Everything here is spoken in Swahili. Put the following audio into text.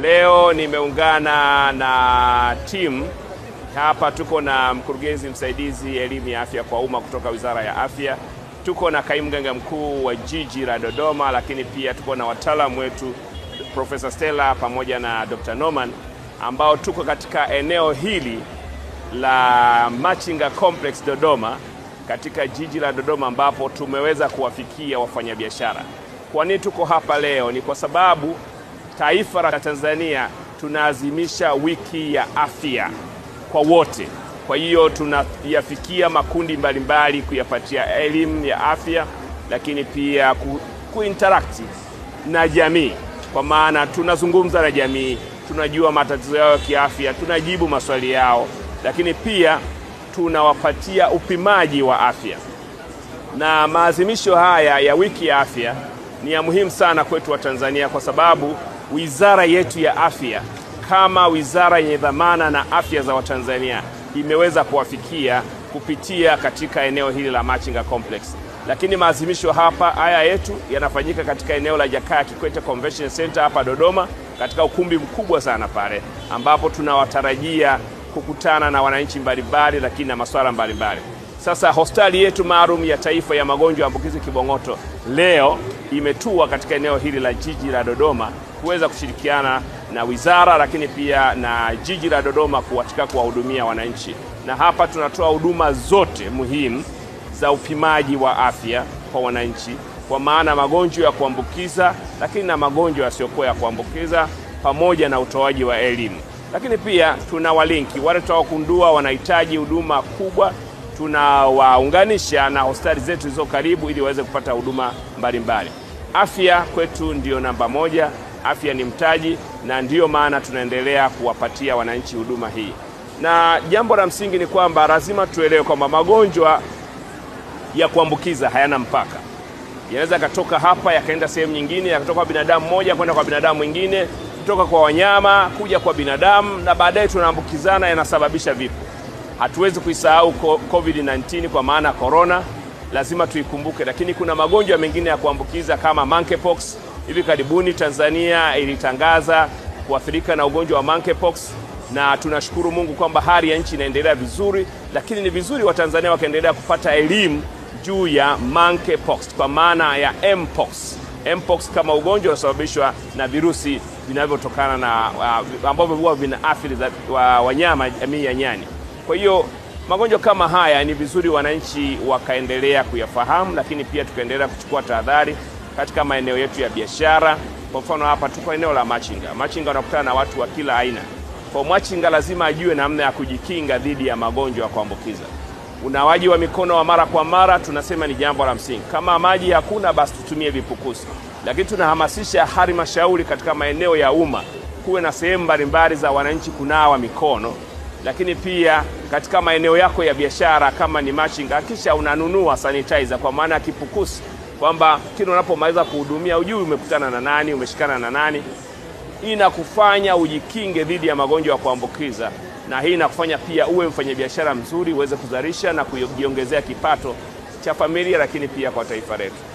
Leo nimeungana na timu hapa, tuko na mkurugenzi msaidizi elimu ya afya kwa umma kutoka Wizara ya Afya, tuko na kaimu mganga mkuu wa jiji la Dodoma, lakini pia tuko na wataalamu wetu Profesa Stella pamoja na Dr. Norman ambao tuko katika eneo hili la Machinga Complex Dodoma katika jiji la Dodoma ambapo tumeweza kuwafikia wafanyabiashara. Kwa nini tuko hapa leo? Ni kwa sababu Taifa la Tanzania tunaazimisha wiki ya afya kwa wote. Kwa hiyo tunayafikia makundi mbalimbali kuyapatia elimu ya afya, lakini pia ku, kuinteract na jamii, kwa maana tunazungumza na jamii, tunajua matatizo yao ya kiafya, tunajibu maswali yao, lakini pia tunawapatia upimaji wa afya. Na maazimisho haya ya wiki ya afya ni ya muhimu sana kwetu wa Tanzania kwa sababu wizara yetu ya afya kama wizara yenye dhamana na afya za Watanzania imeweza kuwafikia kupitia katika eneo hili la Machinga Complex. Lakini maazimisho hapa haya yetu yanafanyika katika eneo la Jakaya Kikwete Convention Center hapa Dodoma, katika ukumbi mkubwa sana pale, ambapo tunawatarajia kukutana na wananchi mbalimbali, lakini na masuala mbalimbali. Sasa hospitali yetu maalum ya taifa ya magonjwa ya ambukizi Kibong'oto leo imetua katika eneo hili la jiji la Dodoma kuweza kushirikiana na wizara, lakini pia na jiji la Dodoma katika kuwahudumia wananchi, na hapa tunatoa huduma zote muhimu za upimaji wa afya kwa wananchi, kwa maana magonjwa ya kuambukiza, lakini na magonjwa yasiyokuwa ya kuambukiza pamoja na utoaji wa elimu. Lakini pia tuna walinki wale tutawagundua wanahitaji huduma kubwa, tunawaunganisha na hospitali zetu zilizo karibu ili waweze kupata huduma mbalimbali. Afya kwetu ndiyo namba moja afya ni mtaji, na ndiyo maana tunaendelea kuwapatia wananchi huduma hii. Na jambo la msingi ni kwamba lazima tuelewe kwamba magonjwa ya kuambukiza hayana mpaka, yanaweza yakatoka hapa yakaenda sehemu nyingine, yakatoka kwa binadamu mmoja kwenda kwa binadamu mwingine, kutoka kwa wanyama kuja kwa binadamu, na baadaye tunaambukizana, yanasababisha vifo. Hatuwezi kuisahau COVID-19 kwa maana corona, lazima tuikumbuke, lakini kuna magonjwa mengine ya kuambukiza kama monkeypox Hivi karibuni Tanzania ilitangaza kuathirika na ugonjwa wa monkeypox na tunashukuru Mungu kwamba hali ya nchi inaendelea vizuri, lakini ni vizuri Watanzania wakaendelea kupata elimu juu ya monkeypox kwa maana ya mpox. Mpox kama ugonjwa unasababishwa na virusi vinavyotokana na uh, ambavyo huwa vinaathiri wa, wanyama jamii ya nyani. Kwa hiyo magonjwa kama haya ni vizuri wananchi wakaendelea kuyafahamu, lakini pia tukaendelea kuchukua tahadhari katika maeneo yetu ya biashara. Kwa mfano hapa tuko eneo la machinga, machinga wanakutana na watu wa kila aina. Kwa machinga lazima ajue namna ya kujikinga dhidi ya magonjwa ya kuambukiza. Unawaji wa mikono wa mara kwa mara tunasema ni jambo la msingi. Kama maji hakuna, basi tutumie vipukusi, lakini tunahamasisha halmashauri katika maeneo ya umma kuwe na sehemu mbalimbali za wananchi kunawa mikono, lakini pia katika maeneo yako ya biashara, kama ni machinga, kisha unanunua sanitizer, kwa maana ya kipukusi kwamba kile unapomaliza kuhudumia ujui umekutana na nani, umeshikana na nani. Hii inakufanya ujikinge dhidi ya magonjwa ya kuambukiza, na hii inakufanya pia uwe mfanyabiashara mzuri, uweze kuzalisha na kujiongezea kipato cha familia, lakini pia kwa taifa letu.